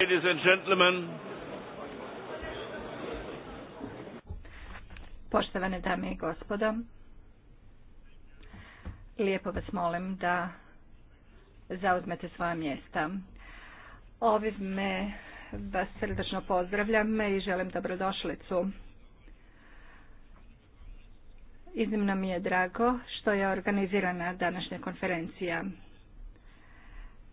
Ladies and gentlemen. Poštovane dame i gospodo, lijepo vas molim da zauzmete svoja mjesta. Ovime vas srdačno pozdravljam i želim dobrodošlicu. Iznimno mi je drago što je organizirana današnja konferencija.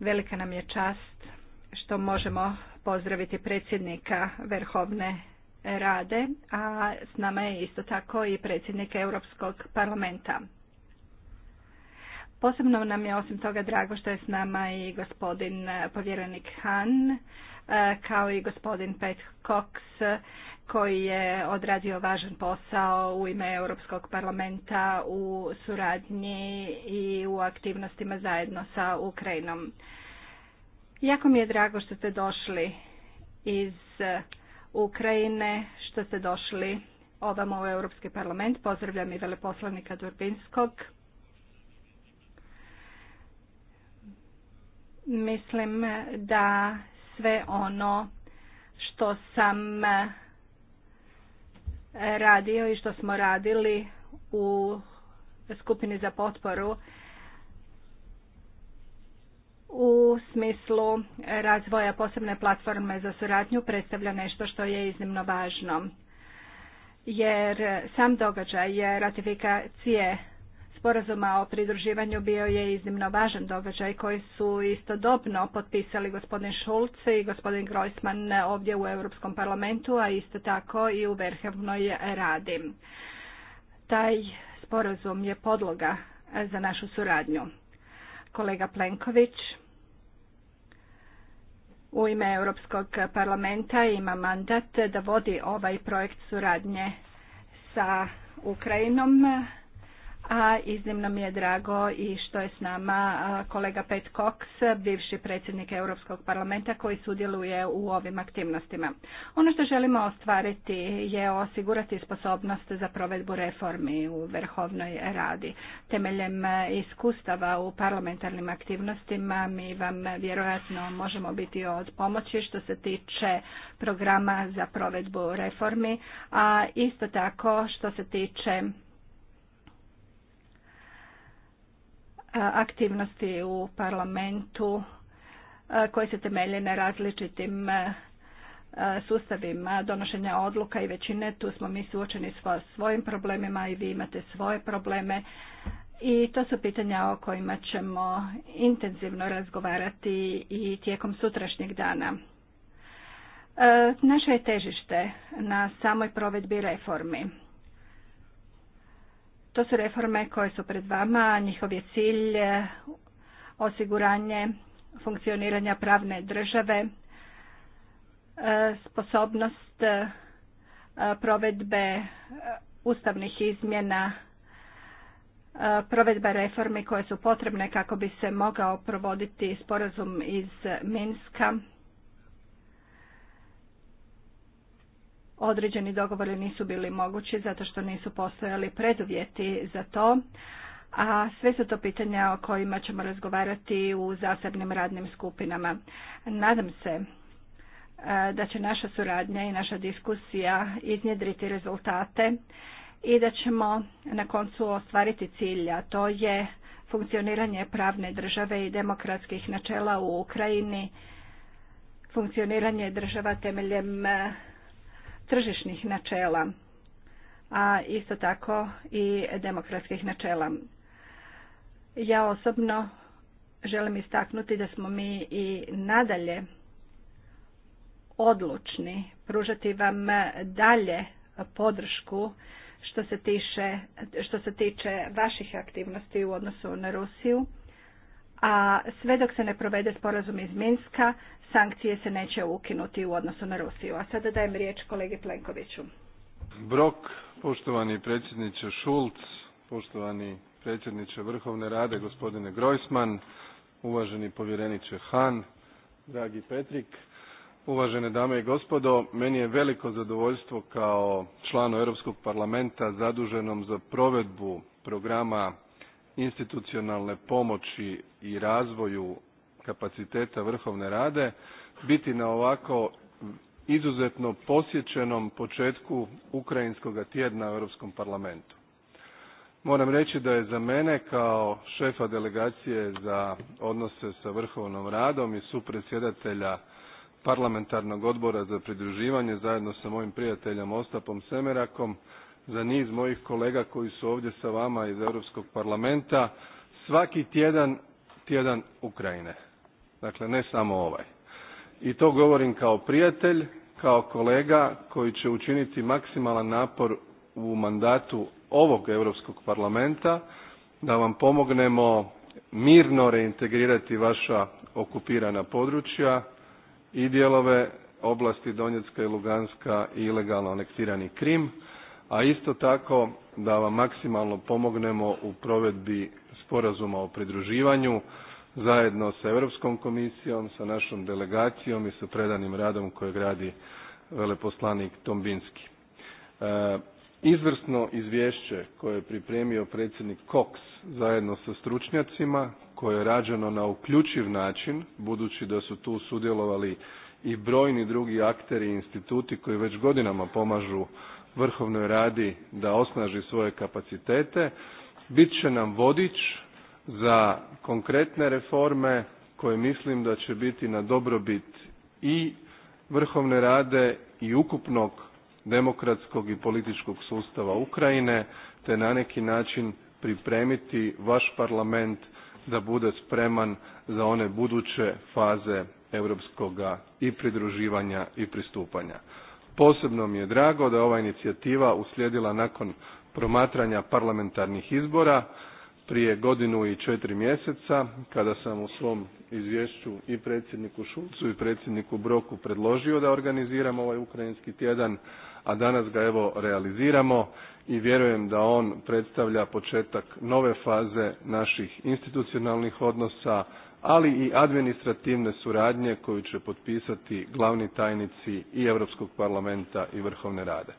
Velika nam je čast što možemo pozdraviti predsjednika Verhovne rade, a s nama je isto tako i predsjednik Europskog parlamenta. Posebno nam je osim toga drago što je s nama i gospodin povjerenik Han, e, kao i gospodin Pet Cox, koji je odradio važan posao u ime Europskog parlamenta u suradnji i u aktivnostima zajedno sa Ukrajinom. Jako mi je drago što ste došli iz uh, Ukrajine, što ste došli ovamo u Europski parlament. Pozdravljam i veleposlanika Durbinskog. Mislim da sve ono što sam uh, radio i što smo radili u skupini za potporu u smislu razvoja posebne platforme za suradnju predstavlja nešto što je iznimno važno. Jer sam događaj ratifikacije sporazuma o pridruživanju bio je iznimno važan događaj koji su istodobno potpisali gospodin Šulc i gospodin Grojsman ovdje u Europskom parlamentu, a isto tako i u Verhevnoj radi. Taj sporazum je podloga za našu suradnju. Kolega Plenković u ime Europskog parlamenta ima mandat da vodi ovaj projekt suradnje sa Ukrajinom a iznimno mi je drago i što je s nama kolega Pet Cox, bivši predsjednik Europskog parlamenta koji sudjeluje u ovim aktivnostima. Ono što želimo ostvariti je osigurati sposobnost za provedbu reformi u Vrhovnoj radi. Temeljem e, iskustava u parlamentarnim aktivnostima mi vam vjerojatno možemo biti od pomoći što se tiče programa za provedbu reformi, a isto tako što se tiče aktivnosti u parlamentu koje se temelje na različitim sustavima donošenja odluka i većine. Tu smo mi suočeni s svojim problemima i vi imate svoje probleme. I to su pitanja o kojima ćemo intenzivno razgovarati i tijekom sutrašnjeg dana. E, naše je težište na samoj provedbi reformi. To su reforme koje su pred vama, njihov je cilj e, osiguranje funkcioniranja pravne države, e, sposobnost e, provedbe ustavnih izmjena, provedba reformi koje su potrebne kako bi se mogao provoditi sporazum iz Minska određeni dogovori nisu bili mogući zato što nisu postojali preduvjeti za to, a sve su to pitanja o kojima ćemo razgovarati u zasebnim radnim skupinama. Nadam se e, da će naša suradnja i naša diskusija iznjedriti rezultate i da ćemo na koncu ostvariti cilj, a to je funkcioniranje pravne države i demokratskih načela u Ukrajini, funkcioniranje država temeljem e, tržišnih načela, a isto tako i demokratskih načela. Ja osobno želim istaknuti da smo mi i nadalje odlučni pružati vam dalje podršku što se, tiče, što se tiče vaših aktivnosti u odnosu na Rusiju a sve dok se ne provede sporazum iz Minska, sankcije se neće ukinuti u odnosu na Rusiju. A sada dajem riječ kolegi Plenkoviću. Brok, poštovani predsjedniče Šulc, poštovani predsjedniče Vrhovne rade, gospodine Grojsman, uvaženi povjereniče Han, dragi Petrik, uvažene dame i gospodo, meni je veliko zadovoljstvo kao članu Europskog parlamenta zaduženom za provedbu programa institucionalne pomoći i razvoju kapaciteta vrhovne rade biti na ovako izuzetno posjećenom početku ukrajinskog tjedna u Europskom parlamentu. Moram reći da je za mene kao šefa delegacije za odnose sa vrhovnom radom i supredsjedatelja parlamentarnog odbora za pridruživanje zajedno sa mojim prijateljem Ostapom Semerakom za niz mojih kolega koji su ovdje sa vama iz Europskog parlamenta svaki tjedan tjedan Ukrajine. Dakle, ne samo ovaj. I to govorim kao prijatelj, kao kolega koji će učiniti maksimalan napor u mandatu ovog Europskog parlamenta da vam pomognemo mirno reintegrirati vaša okupirana područja i dijelove oblasti Donjecka i Luganska i ilegalno aneksirani Krim a isto tako da vam maksimalno pomognemo u provedbi sporazuma o pridruživanju zajedno sa Europskom komisijom, sa našom delegacijom i sa predanim radom kojeg radi veleposlanik Tombinski. E, izvrsno izvješće koje je pripremio predsjednik Cox zajedno sa stručnjacima, koje je rađeno na uključiv način, budući da su tu sudjelovali i brojni drugi akteri i instituti koji već godinama pomažu vrhovnoj radi da osnaži svoje kapacitete, bit će nam vodič za konkretne reforme koje mislim da će biti na dobrobit i vrhovne rade i ukupnog demokratskog i političkog sustava Ukrajine, te na neki način pripremiti vaš parlament da bude spreman za one buduće faze europskoga i pridruživanja i pristupanja. Posebno mi je drago da je ova inicijativa uslijedila nakon promatranja parlamentarnih izbora prije godinu i četiri mjeseca kada sam u svom izvješću i predsjedniku Šulcu i predsjedniku Broku predložio da organiziramo ovaj ukrajinski tjedan, a danas ga evo realiziramo i vjerujem da on predstavlja početak nove faze naših institucionalnih odnosa, ali i administrativne suradnje koju će potpisati glavni tajnici i Europskog parlamenta i Vrhovne rade.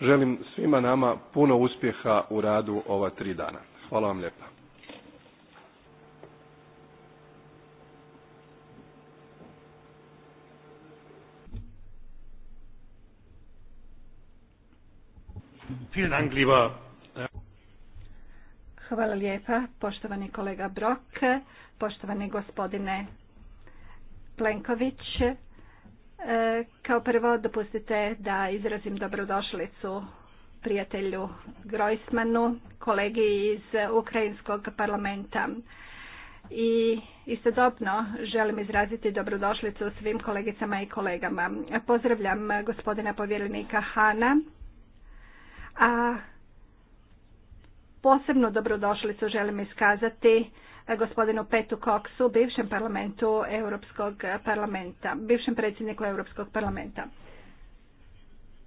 Želim svima nama puno uspjeha u radu ova tri dana. Hvala vam lijepa. Äh Hvala lijepa, poštovani kolega Brock poštovani gospodine Plenković. E, kao prvo dopustite da izrazim dobrodošlicu prijatelju Grojsmanu, kolegi iz Ukrajinskog parlamenta. I istodobno želim izraziti dobrodošlicu svim kolegicama i kolegama. Pozdravljam gospodina povjerenika Hana, a posebnu dobrodošlicu želim iskazati gospodinu Petu Koksu, bivšem parlamentu Europskog parlamenta, bivšem predsjedniku Europskog parlamenta.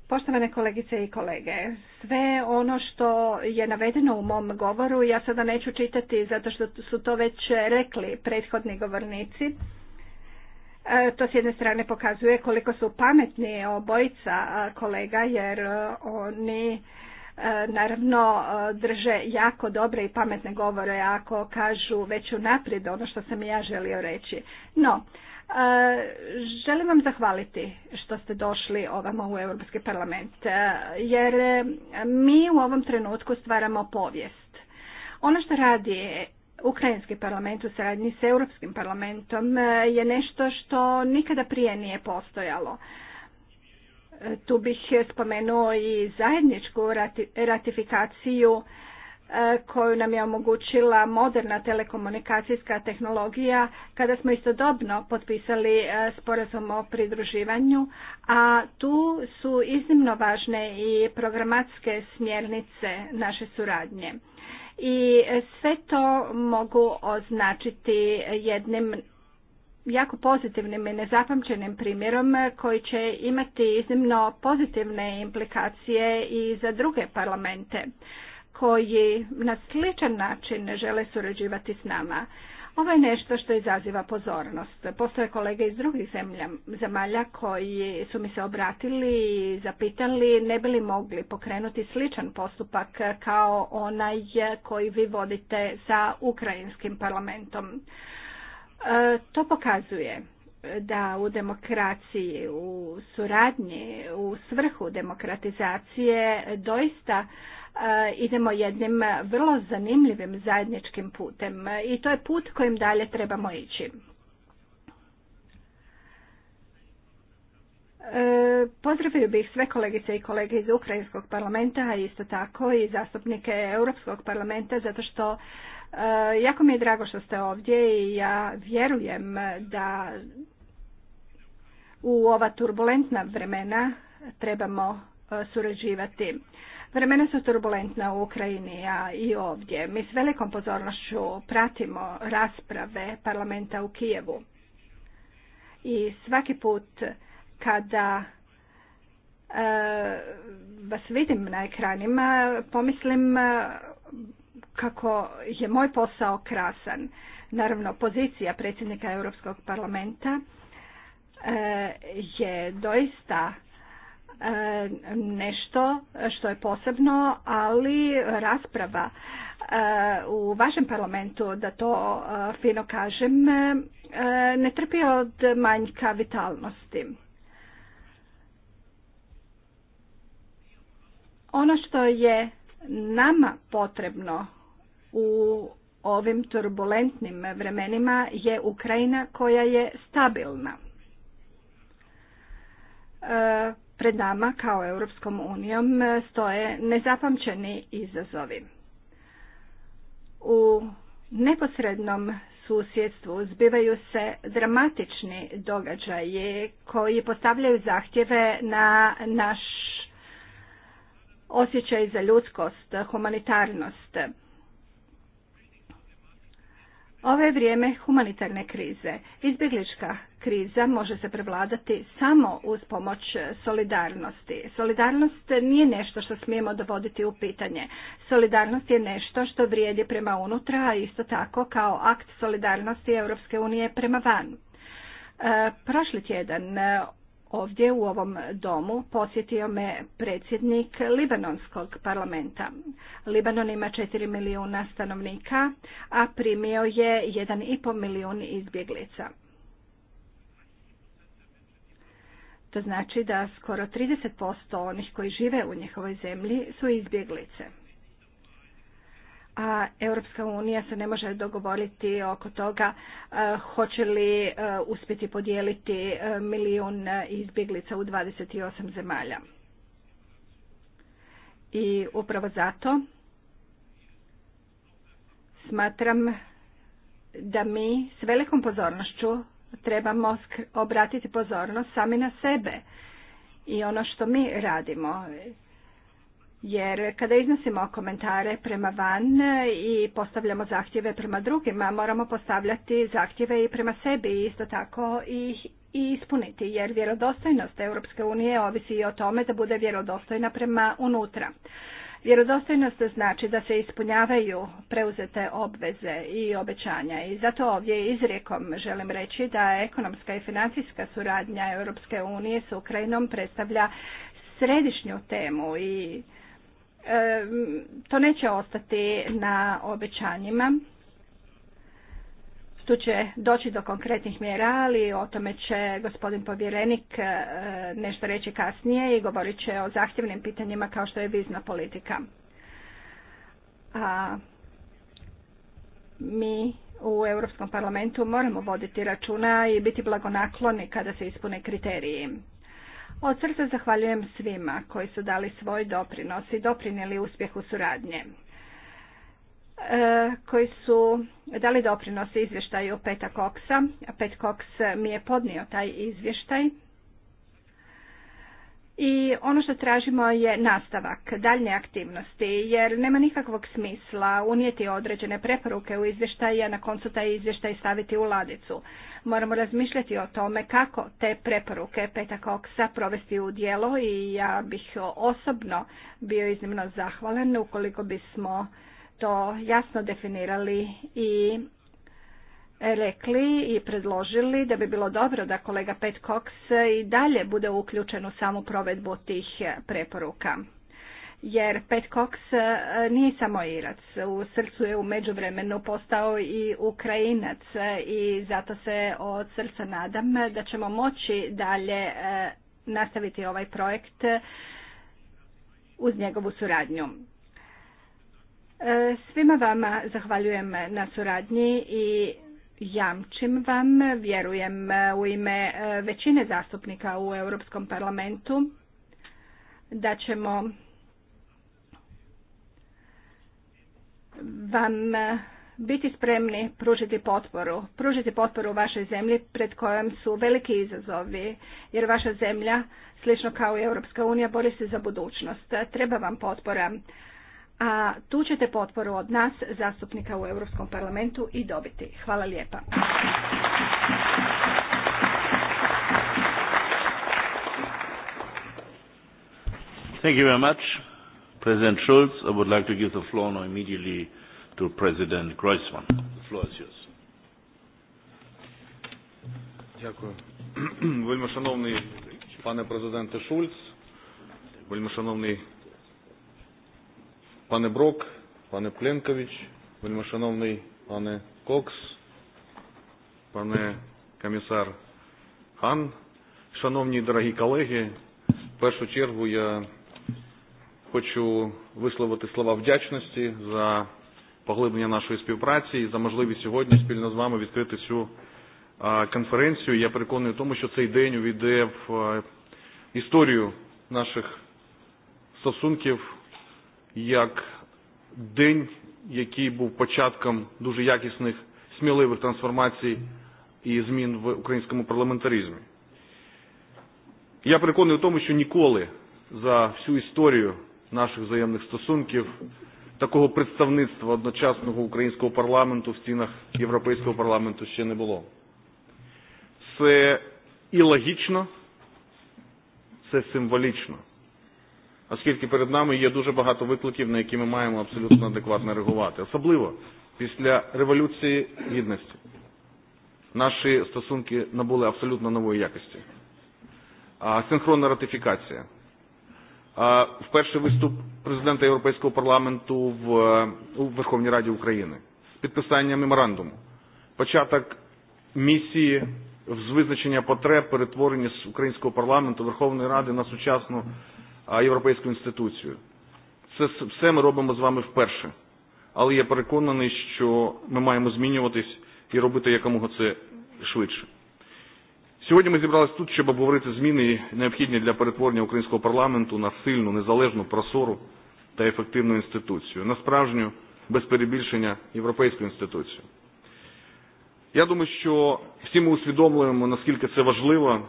Poštovane kolegice i kolege, sve ono što je navedeno u mom govoru ja sada neću čitati zato što su to već rekli prethodni govornici. E, to s jedne strane pokazuje koliko su pametni obojica kolega jer e, oni E, naravno e, drže jako dobre i pametne govore ako kažu već unaprijed ono što sam i ja želio reći. No, e, želim vam zahvaliti što ste došli ovamo u Europski parlament, jer mi u ovom trenutku stvaramo povijest. Ono što radi Ukrajinski parlament u suradnji s Europskim parlamentom je nešto što nikada prije nije postojalo. E, tu bih spomenuo i zajedničku ratifikaciju e, koju nam je omogućila moderna telekomunikacijska tehnologija kada smo istodobno potpisali e, sporazum o pridruživanju, a tu su iznimno važne i programatske smjernice naše suradnje. I sve to mogu označiti jednim jako pozitivnim i nezapamćenim primjerom eh, koji će imati iznimno pozitivne implikacije i za druge parlamente koji na sličan način žele surađivati s nama. Ovo je nešto što izaziva pozornost. Postoje kolege iz drugih zemlja, zemalja koji su mi se obratili i zapitali ne bi li mogli pokrenuti sličan postupak kao onaj koji vi vodite sa ukrajinskim parlamentom. E, to pokazuje da u demokraciji, u suradnji, u svrhu demokratizacije doista e, idemo jednim vrlo zanimljivim zajedničkim putem i to je put kojim dalje trebamo ići. E, pozdravio bih sve kolegice i kolege iz Ukrajinskog parlamenta, a isto tako i zastupnike Europskog parlamenta, zato što E, jako mi je drago što ste ovdje i ja vjerujem da u ova turbulentna vremena trebamo e, surađivati. Vremena su turbulentna u Ukrajini, a i ovdje. Mi s velikom pozornošću pratimo rasprave parlamenta u Kijevu. I svaki put kada e, vas vidim na ekranima, pomislim kako je moj posao krasan. Naravno, pozicija predsjednika Europskog parlamenta e, je doista e, nešto što je posebno, ali rasprava e, u vašem parlamentu, da to fino kažem, ne trpi od manjka vitalnosti. Ono što je nama potrebno u ovim turbulentnim vremenima je Ukrajina koja je stabilna. E, pred nama kao Europskom unijom stoje nezapamćeni izazovi. U neposrednom susjedstvu zbivaju se dramatični događaji koji postavljaju zahtjeve na naš osjećaj za ljudskost, humanitarnost. Ovo je vrijeme humanitarne krize. Izbjeglička kriza može se prevladati samo uz pomoć solidarnosti. Solidarnost nije nešto što smijemo dovoditi u pitanje. Solidarnost je nešto što vrijedi prema unutra, a isto tako kao akt solidarnosti Europske unije prema van. E, prošli tjedan ovdje u ovom domu posjetio me predsjednik Libanonskog parlamenta. Libanon ima 4 milijuna stanovnika, a primio je 1,5 milijun izbjeglica. To znači da skoro 30% onih koji žive u njihovoj zemlji su izbjeglice a Europska unija se ne može dogovoriti oko toga e, hoće li e, uspjeti podijeliti e, milijun izbjeglica u 28 zemalja. I upravo zato smatram da mi s velikom pozornošću trebamo obratiti pozornost sami na sebe i ono što mi radimo jer kada iznosimo komentare prema van i postavljamo zahtjeve prema drugima, moramo postavljati zahtjeve i prema sebi i isto tako ih i ispuniti, jer vjerodostojnost Europske unije ovisi i o tome da bude vjerodostojna prema unutra. Vjerodostojnost znači da se ispunjavaju preuzete obveze i obećanja i zato ovdje izrijekom želim reći da ekonomska i financijska suradnja Europske unije s Ukrajinom predstavlja središnju temu i to neće ostati na obećanjima. Tu će doći do konkretnih mjera, ali o tome će gospodin povjerenik e, nešto reći kasnije i govorit će o zahtjevnim pitanjima kao što je vizna politika. A mi u Europskom parlamentu moramo voditi računa i biti blagonakloni kada se ispune kriteriji. Od srca zahvaljujem svima koji su dali svoj doprinos i doprinijeli uspjehu suradnje e, koji su dali doprinos izvještaju Peta Koksa. Pet Koks mi je podnio taj izvještaj. I ono što tražimo je nastavak daljne aktivnosti, jer nema nikakvog smisla unijeti određene preporuke u izvještaj, a na koncu taj izvještaj staviti u ladicu. Moramo razmišljati o tome kako te preporuke Peta Koksa provesti u dijelo i ja bih osobno bio iznimno zahvalan ukoliko bismo to jasno definirali i rekli i predložili da bi bilo dobro da kolega Pet Cox i dalje bude uključen u samu provedbu tih preporuka jer Pet Cox e, nije samo Irac, u srcu je u međuvremenu postao i Ukrajinac e, i zato se od srca nadam da ćemo moći dalje e, nastaviti ovaj projekt uz njegovu suradnju. Svima vama zahvaljujem na suradnji i jamčim vam, vjerujem u ime većine zastupnika u Europskom parlamentu da ćemo vam e, biti spremni pružiti potporu, pružiti potporu vašoj zemlji pred kojom su veliki izazovi, jer vaša zemlja, slično kao i Europska unija, bori se za budućnost. Treba vam potpora, a tu ćete potporu od nas, zastupnika u Europskom parlamentu, i dobiti. Hvala lijepa. President Schulz, I would like to give the floor now immediately to President Kreuzmann. The floor is yours. Дякую. Вельмишановний пане президенте Шульц, вельмишановний пане Брок, пане Пленкович, вельмишановний пане Кокс, пане комісар Хан, шановні дорогі колеги, в першу чергу я хочу висловити слова вдячності за поглиблення нашої співпраці і за можливість сьогодні спільно з вами відкрити цю конференцію. Я переконаний в тому, що цей день увійде в історію наших стосунків як день, який був початком дуже якісних, сміливих трансформацій і змін в українському парламентаризмі. Я переконаний в тому, що ніколи за всю історію наших взаємних стосунків, такого представництва одночасного українського парламенту в стінах Європейського парламенту ще не було. Це і логічно, це символічно. Оскільки перед нами є дуже багато викликів, на які ми маємо абсолютно адекватно реагувати. Особливо після Революції Гідності наші стосунки набули абсолютно нової якості. А синхронна ратифікація вперше виступ президента Європейського парламенту в у Верховній Раді України з підписанням меморандуму, початок місії з визначення потреб перетворення з українського парламенту Верховної Ради на сучасну європейську інституцію. Це все ми робимо з вами вперше. Але я переконаний, що ми маємо змінюватись і робити якомога це швидше. Сьогодні ми зібралися тут, щоб обговорити зміни, необхідні для перетворення українського парламенту на сильну, незалежну, просору та ефективну інституцію, на справжню, без перебільшення, європейську інституцію. Я думаю, що всі ми усвідомлюємо, наскільки це важливо.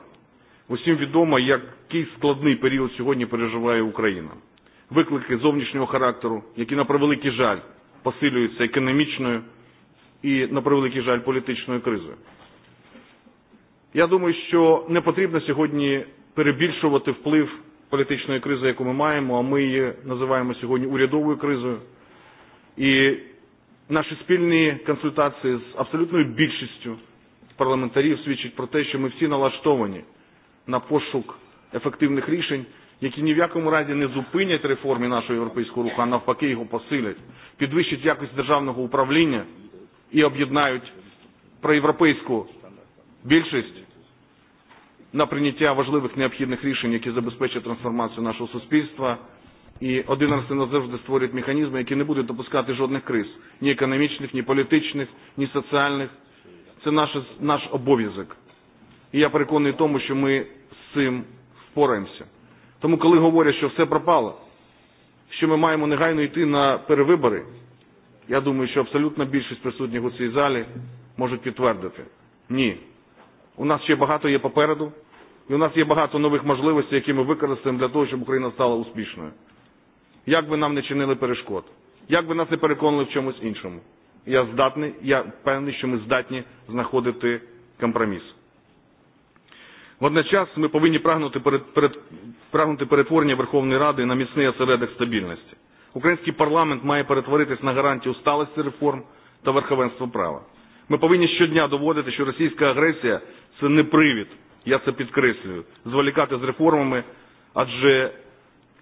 Усім відомо, який складний період сьогодні переживає Україна. Виклики зовнішнього характеру, які на превеликий жаль посилюються економічною і на превеликий жаль політичною кризою. Я думаю, що не потрібно сьогодні перебільшувати вплив політичної кризи, яку ми маємо, а ми її називаємо сьогодні урядовою кризою. І наші спільні консультації з абсолютною більшістю парламентарів свідчать про те, що ми всі налаштовані на пошук ефективних рішень, які ні в якому разі не зупинять реформи нашого європейського руху, а навпаки його посилять, підвищать якість державного управління і об'єднають проєвропейську більшість на прийняття важливих необхідних рішень, які забезпечать трансформацію нашого суспільства, і один раз і назавжди створюють механізми, які не будуть допускати жодних криз, ні економічних, ні політичних, ні соціальних. Це наш, наш обов'язок. І я переконаний тому, що ми з цим впораємося. Тому, коли говорять, що все пропало, що ми маємо негайно йти на перевибори, я думаю, що абсолютна більшість присутніх у цій залі можуть підтвердити. Ні, У нас ще багато є попереду, і у нас є багато нових можливостей, які ми використаємо для того, щоб Україна стала успішною. Як би нам не чинили перешкод, як би нас не переконали в чомусь іншому. Я здатний, я певний, що ми здатні знаходити компроміс. Водночас ми повинні прагнути, перед, перед, прагнути перетворення Верховної Ради на міцний осередок стабільності. Український парламент має перетворитись на гарантію сталості реформ та верховенства права. Ми повинні щодня доводити, що російська агресія це не привід, я це підкреслюю, зволікати з реформами, адже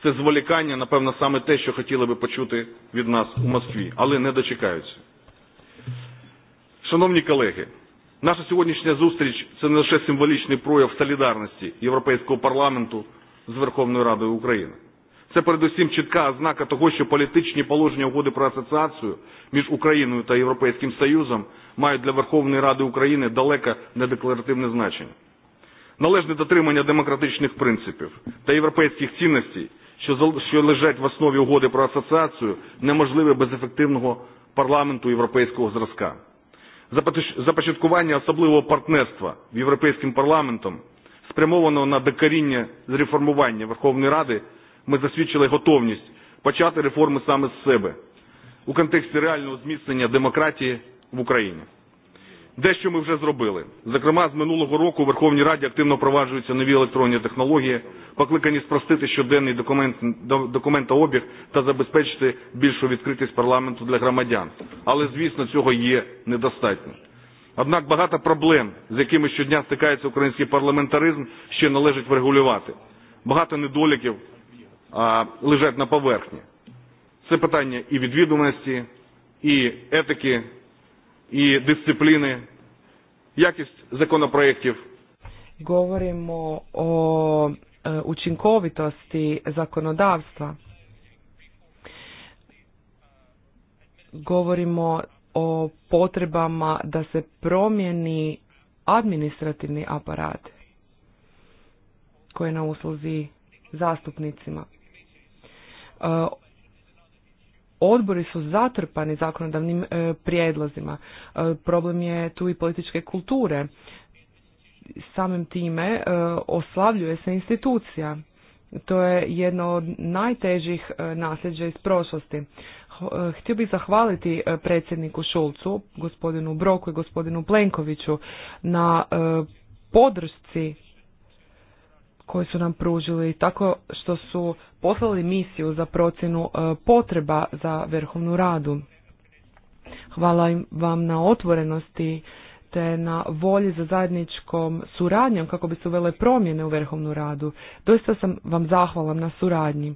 це зволікання, напевно, саме те, що хотіли би почути від нас у Москві, але не дочекаються. Шановні колеги, наша сьогоднішня зустріч це не лише символічний прояв солідарності Європейського парламенту з Верховною Радою України. Це передусім чітка ознака того, що політичні положення угоди про асоціацію між Україною та Європейським Союзом мають для Верховної Ради України далеко не декларативне значення. Належне дотримання демократичних принципів та європейських цінностей, що лежать в основі угоди про асоціацію, неможливе без ефективного парламенту європейського зразка. Започаткування особливого партнерства в Європейським парламентом, спрямованого на докоріння з реформування Верховної Ради – ми засвідчили готовність почати реформи саме з себе у контексті реального зміцнення демократії в Україні. Дещо ми вже зробили. Зокрема, з минулого року у Верховній Раді активно впроваджуються нові електронні технології, покликані спростити щоденний документ, документообіг та забезпечити більшу відкритість парламенту для громадян. Але, звісно, цього є недостатньо. Однак багато проблем, з якими щодня стикається український парламентаризм, ще належить врегулювати. Багато недоліків лежать на поверхні. Це питання і відвідуваності, і етики, і дисципліни, якість zakonoprojektiv. Govorimo o učinkovitosti zakonodavstva. Govorimo o potrebama da se promijeni administrativni aparat koji je na usluzi zastupnicima. E, odbori su zatrpani zakonodavnim e, prijedlozima. E, problem je tu i političke kulture. Samim time oslavljuje se institucija. To je jedno od najtežih nasljeđa iz prošlosti. Htio bih zahvaliti predsjedniku Šulcu, gospodinu Broku i gospodinu Plenkoviću na podršci koje su nam pružili tako što su poslali misiju za procjenu e, potreba za vrhovnu radu. Hvala vam na otvorenosti te na volji za zajedničkom suradnjom kako bi se uvele promjene u vrhovnu radu. Doista sam vam zahvalan na suradnji.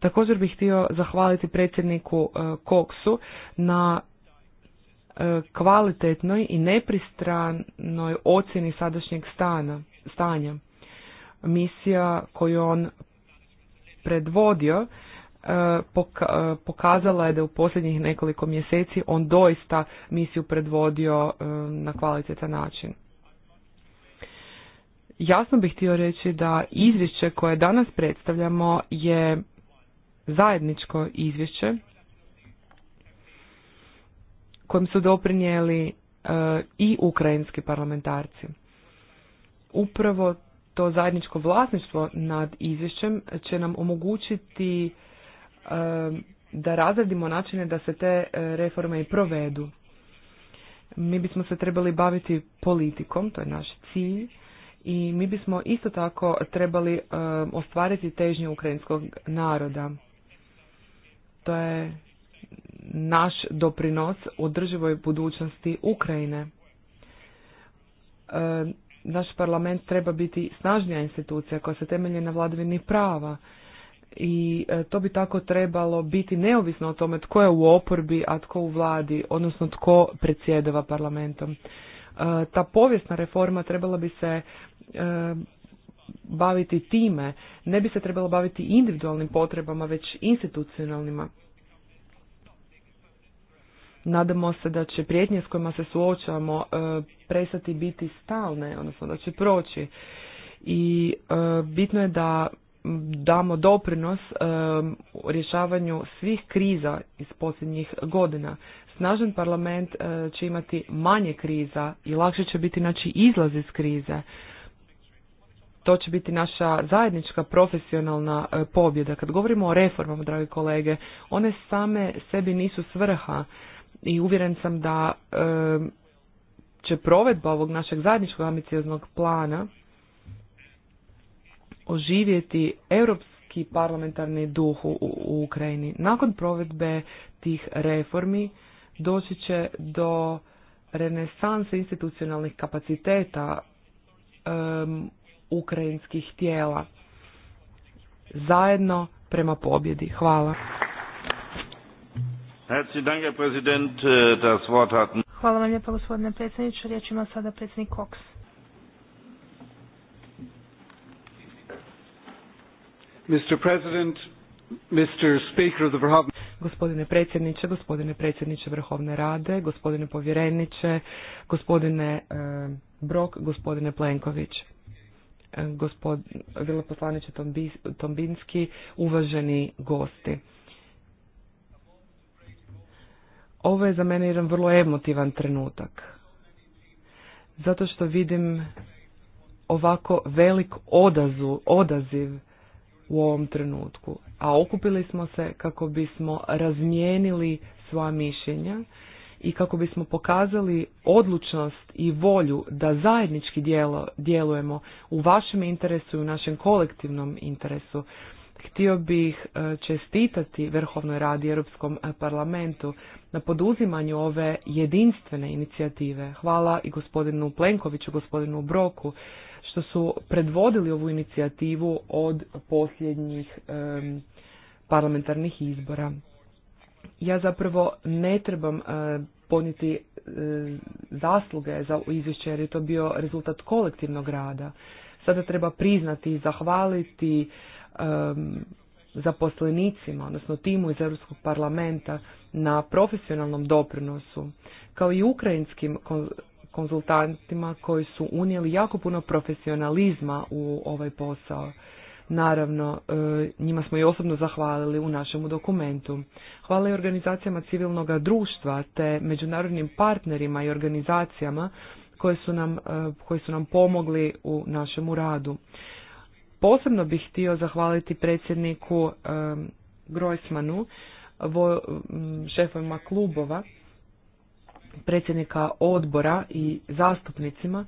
Također bih htio zahvaliti predsjedniku e, Koksu na e, kvalitetnoj i nepristranoj ocjeni sadašnjeg stanja misija koju on predvodio e, e, pokazala je da u posljednjih nekoliko mjeseci on doista misiju predvodio e, na kvalitetan način. Jasno bih htio reći da izvješće koje danas predstavljamo je zajedničko izvješće kojim su doprinijeli i ukrajinski parlamentarci. Upravo to zajedničko vlasništvo nad izvješćem će nam omogućiti da razredimo načine da se te e, reforme i provedu. Mi bismo se trebali baviti politikom, to je naš cilj, i mi bismo isto tako trebali ostvariti težnje ukrajinskog naroda. To je naš doprinos održivoj budućnosti Ukrajine naš parlament treba biti snažnija institucija koja se temelji na vladavini prava i e, to bi tako trebalo biti neovisno o tome tko je u oporbi, a tko u vladi, odnosno tko predsjedava parlamentom. E, ta povijesna reforma trebala bi se e, baviti time, ne bi se trebalo baviti individualnim potrebama, već institucionalnima. Nadamo se da će prijetnje s kojima se suočavamo e, prestati biti stalne, odnosno da će proći. I e, bitno je da damo doprinos e, rješavanju svih kriza iz posljednjih godina. Snažan parlament će imati manje kriza i lakše će biti naći izlaz iz krize. To će biti naša zajednička profesionalna pobjeda. Kad govorimo o reformama, dragi kolege, one same sebi nisu svrha i uvjeren sam da će provedba ovog našeg zajedničkog ambicioznog plana oživjeti europski parlamentarni duh u, Ukrajini. Nakon provedbe tih reformi doći će do renesanse institucionalnih kapaciteta ukrajinskih tijela zajedno prema pobjedi. Hvala. Äh, Hvala vam lijepa gospodine predsjedniče. Riječ ima sada predsjednik Cox. Gospodine predsjedniče, gospodine predsjedniče Vrhovne rade, gospodine povjereniče, gospodine e, Brok, gospodine Plenković, e, gospodine Vila veleposlaniče Tombinski, uvaženi gosti. Ovo je za mene jedan vrlo emotivan trenutak. Zato što vidim ovako velik odazu, odaziv u ovom trenutku. A okupili smo se kako bismo razmijenili sva mišljenja i kako bismo pokazali odlučnost i volju da zajednički djelo, djelujemo u vašem interesu i u našem kolektivnom interesu. Htio bih e, čestitati Vrhovnoj radi Europskom e, parlamentu na poduzimanju ove jedinstvene inicijative. Hvala i gospodinu Plenkoviću, gospodinu Broku, što su predvodili ovu inicijativu od posljednjih parlamentarnih izbora. Ja zapravo ne trebam uh, podnijeti zasluge za izvješće jer je to bio rezultat kolektivnog rada. Sada treba priznati i zahvaliti zaposlenicima, odnosno timu iz Europskog parlamenta na profesionalnom doprinosu, kao i ukrajinskim konzultantima koji su unijeli jako puno profesionalizma u ovaj posao. Naravno, e, njima smo i osobno zahvalili u našemu dokumentu. Hvala i organizacijama civilnog društva te međunarodnim partnerima i organizacijama koje su nam, e, koji su nam pomogli u našemu radu. Posebno bih htio zahvaliti predsjedniku Grojsmanu, šefovima klubova, predsjednika odbora i zastupnicima.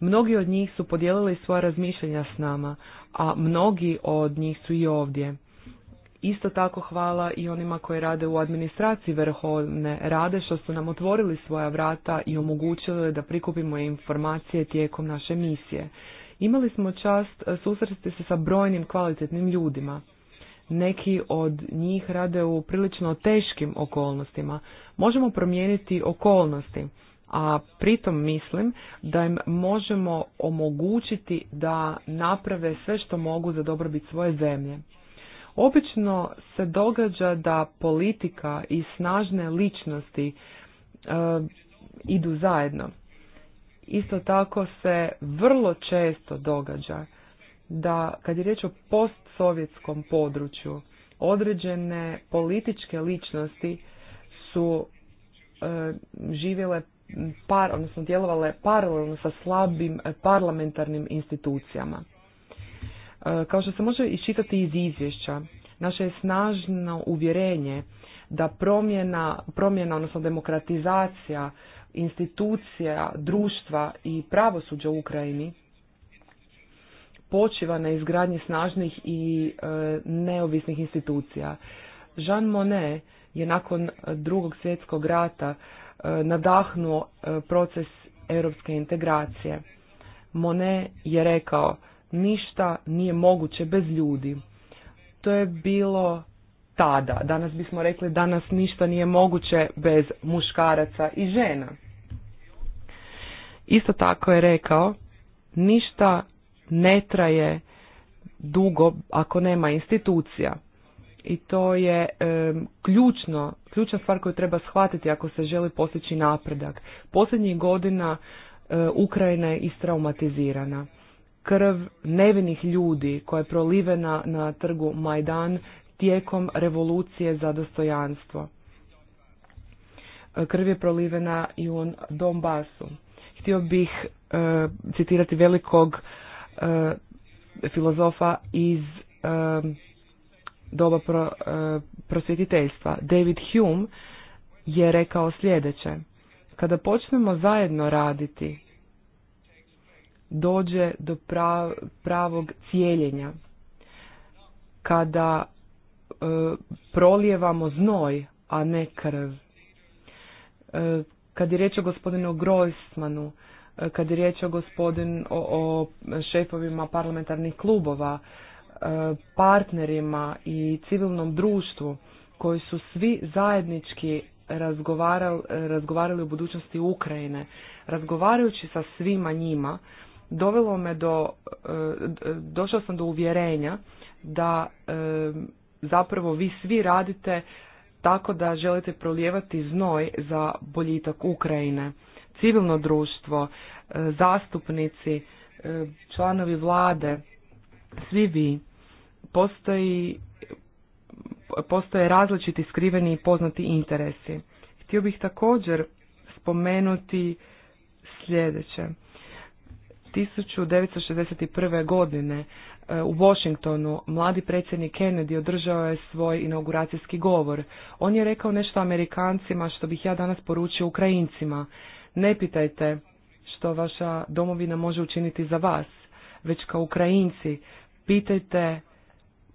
Mnogi od njih su podijelili svoja razmišljenja s nama, a mnogi od njih su i ovdje. Isto tako hvala i onima koji rade u administraciji Vrhovne rade što su nam otvorili svoja vrata i omogućili da prikupimo informacije tijekom naše misije. Imali smo čast e, susresti se sa brojnim kvalitetnim ljudima. Neki od njih rade u prilično teškim okolnostima. Možemo promijeniti okolnosti, a pritom mislim da im možemo omogućiti da naprave sve što mogu za dobrobit svoje zemlje. Obično se događa da politika i snažne ličnosti e, idu zajedno. Isto tako se vrlo često događa da kad je riječ o postsovjetskom području, određene političke ličnosti su e, živjele par, odnosno djelovale paralelno sa slabim e, parlamentarnim institucijama. E, kao što se može iščitati iz izvješća, naše je snažno uvjerenje da promjena, promjena odnosno demokratizacija institucija, društva i pravosuđa u Ukrajini počiva na izgradnji snažnih i e, neovisnih institucija. Jean Monnet je nakon drugog svjetskog rata e, nadahnuo e, proces europske integracije. Monet je rekao, ništa nije moguće bez ljudi. To je bilo tada. Danas bismo rekli, danas ništa nije moguće bez muškaraca i žena. Isto tako je rekao, ništa ne traje dugo ako nema institucija. I to je ključno, ključna stvar koju treba shvatiti ako se želi postići napredak. Posljednjih godina e, Ukrajina je istraumatizirana. Krv nevinih ljudi koja je prolivena na trgu Majdan tijekom revolucije za dostojanstvo. E, krv je prolivena i u Donbasu htio bih e, citirati velikog e, filozofa iz e, doba pro, prosvjetiteljstva. David Hume je rekao sljedeće. Kada počnemo zajedno raditi, dođe do pravog cijeljenja. Kada prolijevamo znoj, a ne krv. Kad je riječ o gospodinu Grojsmanu, e, kad je riječ o gospodin o, o šefovima parlamentarnih klubova, e, partnerima i civilnom društvu koji su svi zajednički razgovarali, razgovarali o budućnosti Ukrajine. Razgovarajući sa svima njima, dovelo me do, e, došao sam do uvjerenja da zapravo vi svi radite tako da želite prolijevati znoj za boljitak Ukrajine. Civilno društvo, e, zastupnici, e, članovi vlade, svi vi, postoji, postoje različiti skriveni i poznati interesi. Htio bih također spomenuti sljedeće. 1961. godine e, u Washingtonu mladi predsjednik Kennedy održao je svoj inauguracijski govor. On je rekao nešto Amerikancima što bih ja danas poručio Ukrajincima. Ne pitajte što vaša domovina može učiniti za vas, već kao Ukrajinci pitajte,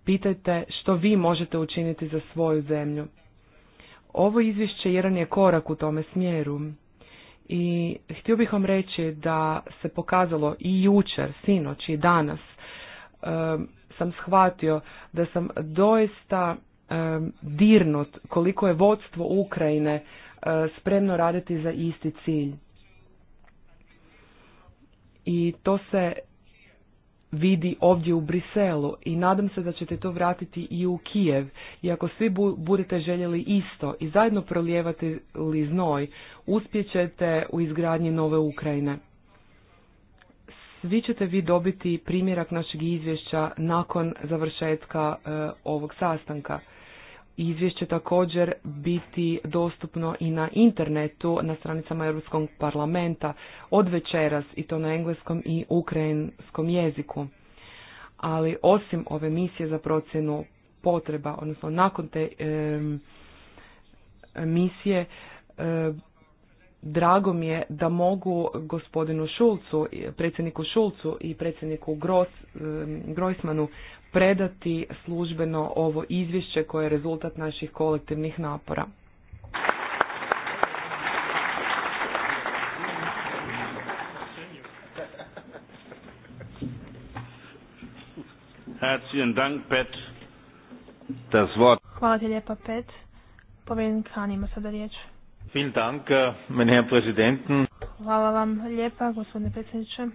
pitajte što vi možete učiniti za svoju zemlju. Ovo izvješće jedan je korak u tome smjeru. I htio bih vam reći da se pokazalo i jučer, sinoć i danas sam shvatio da sam doista dirnut koliko je vodstvo Ukrajine eh, spremno raditi za isti cilj. I to se vidi ovdje u Briselu i nadam se da ćete to vratiti i u Kijev. I ako svi bu budete željeli isto i zajedno prolijevati li znoj, uspjećete u izgradnji nove Ukrajine. Svi ćete vi dobiti primjerak našeg izvješća nakon završetka e, ovog sastanka izvješće također biti dostupno i na internetu na stranicama Europskog parlamenta od večeras i to na engleskom i ukrajinskom jeziku. Ali osim ove misije za procjenu potreba, odnosno nakon te misije Drago mi je da mogu gospodinu Šulcu, predsjedniku Šulcu i predsjedniku Gros, Grojsmanu predati službeno ovo izvješće koje je rezultat naših kolektivnih napora. Hvala ti lijepa, Pet. Povjerenik Han sada riječ. Äh, Hvala vam lijepa, gospodine predsjedniče.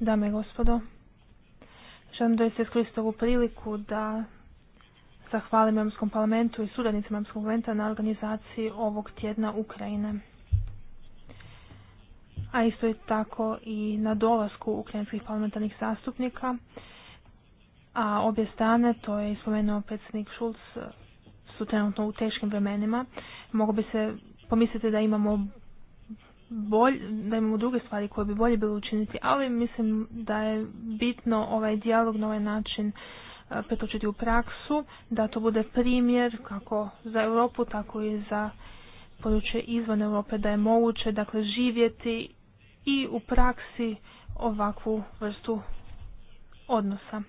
Dame i gospodo, želim da se iskoristiti ovu priliku da zahvalim Europskom parlamentu i suradnicima Europskog parlamenta na organizaciji ovog tjedna Ukrajine. A isto je tako i na dolasku ukrajinskih parlamentarnih zastupnika. A obje strane, to je ispomenuo predsjednik Šulc, su trenutno u teškim vremenima, mogu bi se pomisliti da imamo bolj, da imamo druge stvari koje bi bolje bilo učiniti, ali mislim da je bitno ovaj dijalog na ovaj način eh, pretočiti u praksu, da to bude primjer kako za Europu, tako i za područje izvan Europe, da je moguće dakle, živjeti i u praksi ovakvu vrstu odnosa.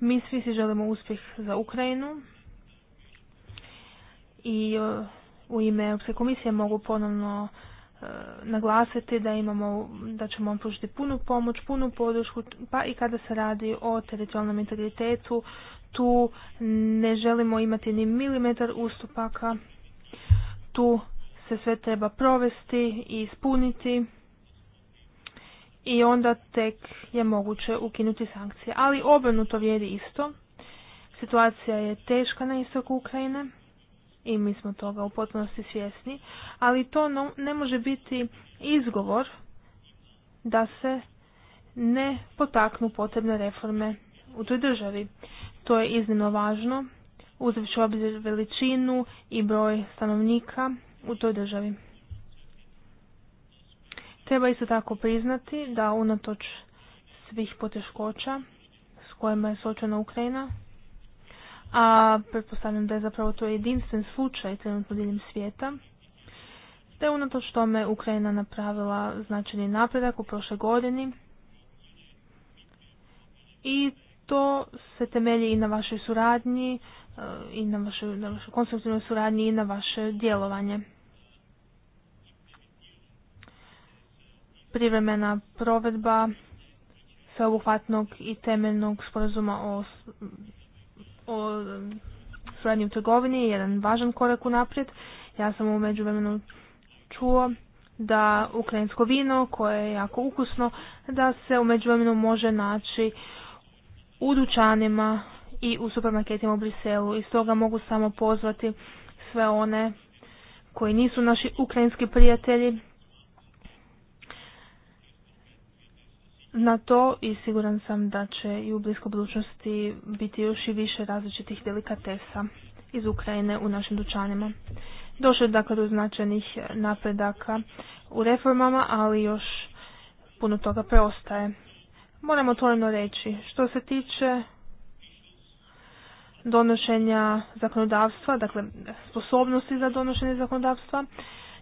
Mi svi si želimo uspjeh za Ukrajinu, i e, u ime Europske komisije mogu ponovno e, naglasiti da imamo, da ćemo vam pružiti punu pomoć, punu podršku, pa i kada se radi o teritorijalnom integritetu, tu ne želimo imati ni milimetar ustupaka, tu se sve treba provesti i ispuniti i onda tek je moguće ukinuti sankcije. Ali obrnuto vrijedi isto. Situacija je teška na istoku Ukrajine i mi smo toga u potpunosti svjesni, ali to ne može biti izgovor da se ne potaknu potrebne reforme u toj državi. To je iznimno važno, uzevši obzir veličinu i broj stanovnika u toj državi. Treba isto tako priznati da unatoč svih poteškoća s kojima je sočena Ukrajina, a pretpostavljam da je zapravo to jedinstven slučaj trenutno diljem svijeta, te unatoč tome Ukrajina napravila značajni napredak u prošloj godini i to se temelji i na vašoj suradnji e, i na vašoj, na vašoj konstruktivnoj suradnji i na vaše djelovanje. Privremena provedba sveobuhvatnog i temeljnog sporazuma o o srednjoj u trgovini je jedan važan korak unaprijed. Ja sam u međuvremenu čuo da ukrajinsko vino koje je jako ukusno da se u međuvremenu može naći u dućanima i u supermarketima u Briselu. I stoga mogu samo pozvati sve one koji nisu naši ukrajinski prijatelji na to i siguran sam da će i u bliskoj budućnosti biti još i više različitih delikatesa iz Ukrajine u našim dućanima. Došlo je dakle do značajnih napredaka u reformama, ali još puno toga preostaje. Moramo otvoreno reći, što se tiče donošenja zakonodavstva, dakle sposobnosti za donošenje zakonodavstva,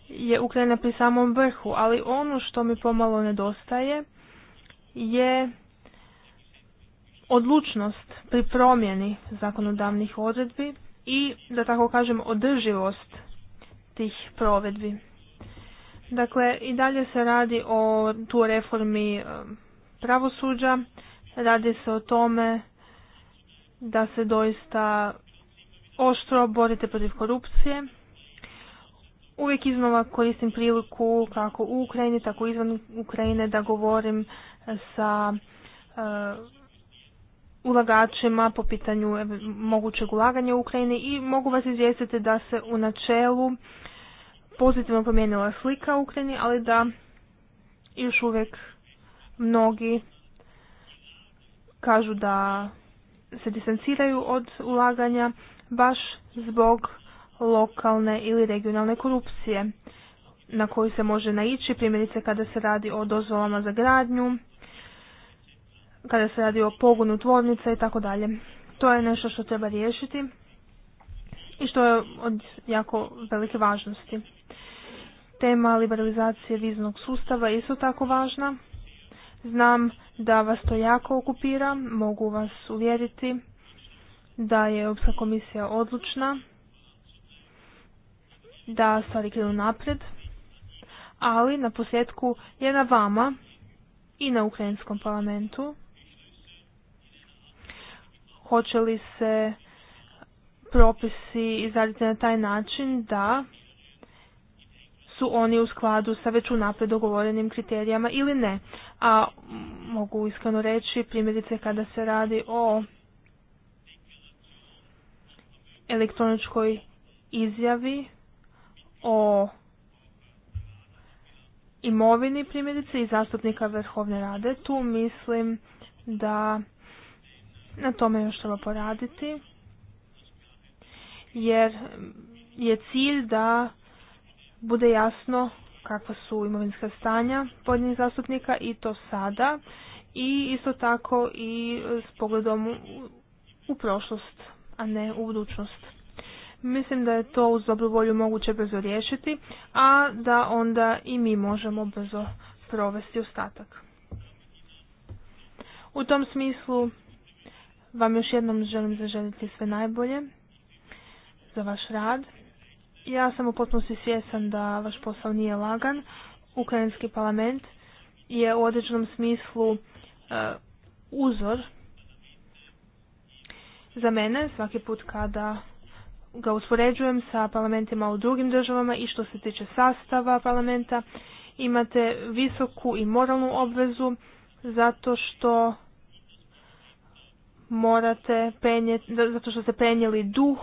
je Ukrajina pri samom vrhu, ali ono što mi pomalo nedostaje je odlučnost pri promjeni zakonodavnih odredbi i, da tako kažem, održivost tih provedbi. Dakle, i dalje se radi o tu reformi e, pravosuđa, radi se o tome da se doista oštro borite protiv korupcije. Uvijek iznova koristim priliku kako u Ukrajini, tako izvan Ukrajine da govorim sa e, ulagačima po pitanju mogućeg ulaganja u Ukrajini i mogu vas izvijestiti da se u načelu pozitivno promijenila slika u Ukrajini, ali da još uvijek mnogi kažu da se distanciraju od ulaganja baš zbog lokalne ili regionalne korupcije na koju se može naići, primjerice kada se radi o dozvolama za gradnju, kada se radi o pogonu tvornica i tako dalje. To je nešto što treba riješiti i što je od jako velike važnosti. Tema liberalizacije viznog sustava je isto tako važna. Znam da vas to jako okupira, mogu vas uvjeriti da je Europska komisija odlučna, da stvari krenu napred, ali na posljedku je na vama i na Ukrajinskom parlamentu hoće li se propisi izraditi na taj način da su oni u skladu sa već unapred dogovorenim kriterijama ili ne. A mogu iskreno reći, primjerice kada se radi o elektroničkoj izjavi o imovini primjerice i zastupnika Vrhovne rade, tu mislim da na tome još treba poraditi, jer je cilj da bude jasno kakva su imovinska stanja pojedinih zastupnika i to sada i isto tako i s pogledom u prošlost, a ne u budućnost. Mislim da je to uz dobru volju moguće brzo riješiti, a da onda i mi možemo brzo provesti ostatak. U tom smislu vam još jednom želim zaželiti sve najbolje za vaš rad. Ja sam u potpunosti svjesan da vaš posao nije lagan. Ukrajinski parlament je u određenom smislu e, uzor za mene svaki put kada ga uspoređujem sa parlamentima u drugim državama i što se tiče sastava parlamenta imate visoku i moralnu obvezu zato što morate penjeti, zato što ste penjeli duh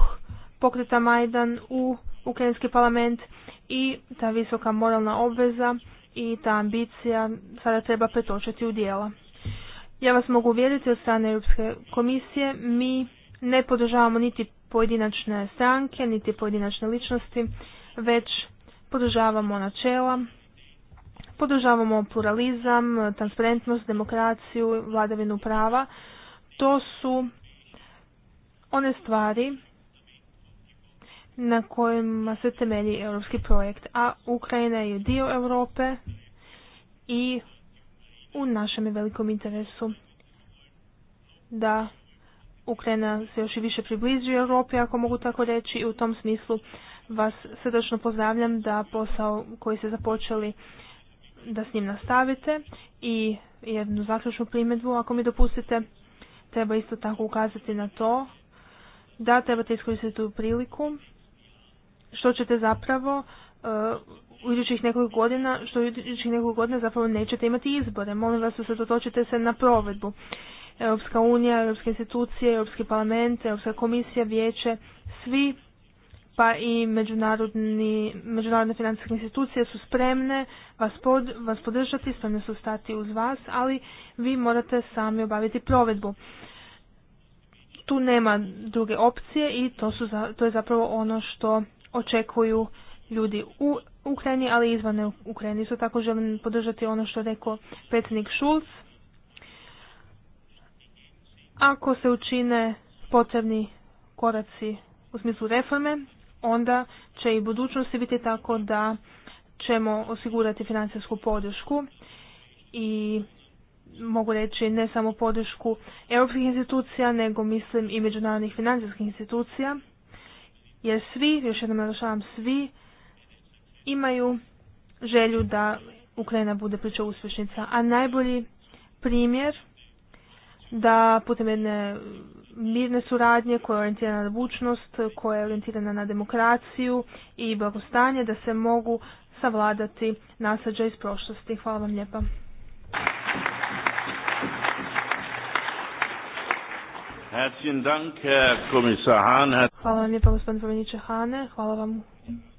pokreta Majdan u ukrajinski parlament i ta visoka moralna obveza i ta ambicija sada treba pretočiti u dijela. Ja vas mogu uvjeriti od strane Europske komisije, mi ne podržavamo niti pojedinačne stranke, niti pojedinačne ličnosti, već podržavamo načela, podržavamo pluralizam, transparentnost, demokraciju, vladavinu prava, to su one stvari na kojima se temelji europski projekt, a Ukrajina je dio Europe i u našem je velikom interesu da Ukrajina se još i više približi Europi, ako mogu tako reći, i u tom smislu vas srdačno pozdravljam da posao koji ste započeli da s njim nastavite i jednu zaključnu primjedbu, ako mi dopustite, treba isto tako ukazati na to da trebate iskoristiti tu priliku što ćete zapravo uh, u idućih nekoliko godina, što u idućih nekoliko godina zapravo nećete imati izbore. Molim vas, usredotočite se na provedbu. Europska unija, europske institucije, europski parlament, europska komisija, vijeće, svi pa i međunarodne financijske institucije su spremne vas, pod, vas podržati, spremne su stati uz vas, ali vi morate sami obaviti provedbu. Tu nema druge opcije i to, su za, to je zapravo ono što očekuju ljudi u Ukrajini, ali i izvan Ukrajini. Isto tako želim podržati ono što je rekao predsjednik Šulc. Ako se učine potrebni koraci u smislu reforme, onda će i budućnosti biti tako da ćemo osigurati financijsku podršku i mogu reći ne samo podršku europskih institucija, nego mislim i međunarodnih financijskih institucija, jer svi, još jednom naglašavam, svi imaju želju da Ukrajina bude priča uspješnica. A najbolji primjer da putem jedne mirne suradnje koja je orijentirana na bučnost, koja je orijentirana na demokraciju i blagostanje, da se mogu savladati nasađa iz prošlosti. Hvala vam lijepa. Hvala vam lijepa gospodin Hane, hvala vam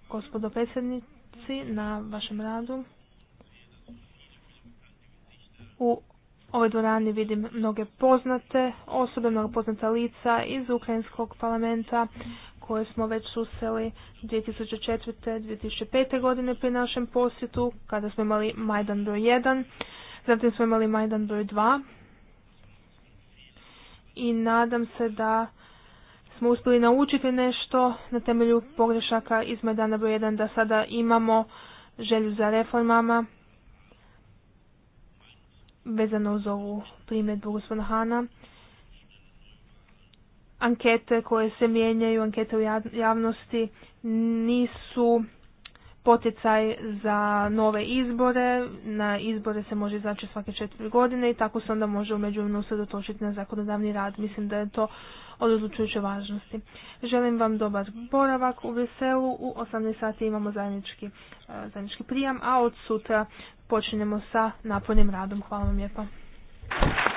gospodo predsjednici na vašem radu. U ovoj dvorani vidim mnoge poznate osobe, mnogo poznata lica iz ukrajinskog parlamenta koje smo već susreli 2004. 2005. godine pri našem posjetu kada smo imali Majdan broj 1, zatim smo imali Majdan broj 2 i nadam se da smo uspjeli naučiti nešto na temelju pogrešaka iz Majdana broj 1 da sada imamo želju za reformama, vezano uz ovu primjedbu gospodina Hana, ankete koje se mijenjaju, ankete u javnosti nisu poticaj za nove izbore, na izbore se može izaći svake četiri godine i tako se onda može umeđu dotočiti na zakonodavni rad. Mislim da je to od odlučujuće važnosti. Želim vam dobar boravak u Veselu, u 18 sati imamo e, zajednički prijam, a od sutra počinjemo sa napunim radom. Hvala vam lijepa.